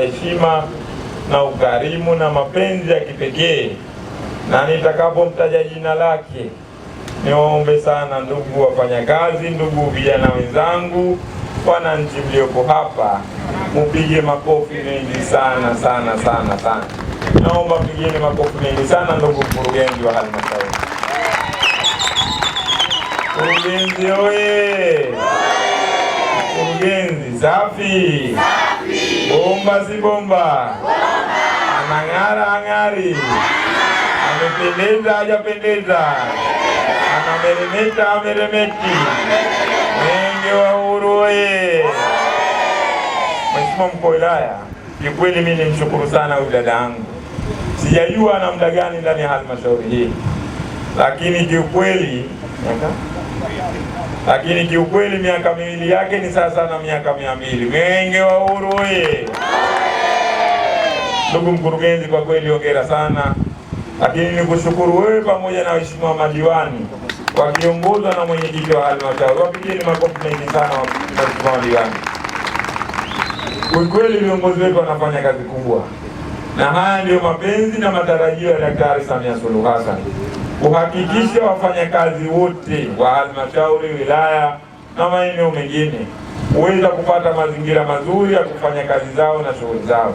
heshima na ukarimu na mapenzi ya kipekee, na nitakapomtaja jina lake niwaombe sana, ndugu wafanyakazi, ndugu vijana wenzangu, wananchi mlioko hapa, mupige makofi mengi sana sana sana sana. Naomba pigeni makofi mengi sana ndugu mkurugenzi wa halmashauri. Mkurugenzi oye! Safi. Bomba si bomba. Bomba. Anang'ara ang'ari. Amependeza ajapendeza Anameremeta ameremeti. Mwenge wa Uhuru oye! Mheshimiwa mkuu wa wilaya, kiukweli mimi nimshukuru sana huyu dada yangu, sijajua ana muda gani ndani ya halmashauri hii, lakini kiukweli lakini kiukweli miaka miwili yake ni sasa na miaka mia mbili. Mwenge wa Uhuru oye! Ndugu mkurugenzi, kwa kweli hongera sana, lakini nikushukuru wewe pamoja na waheshimiwa madiwani wakiongozwa na mwenyekiti wa halmashauri, wapigeni makofi mengi sana waheshimiwa madiwani. Kwa kweli viongozi wetu wanafanya kazi kubwa, na haya ndiyo mapenzi na matarajio ya Daktari Samia Suluhu Hassan kuhakikisha wafanyakazi wote wa halmashauri, wilaya na maeneo mengine huweza kupata mazingira mazuri ya kufanya kazi zao na shughuli zao.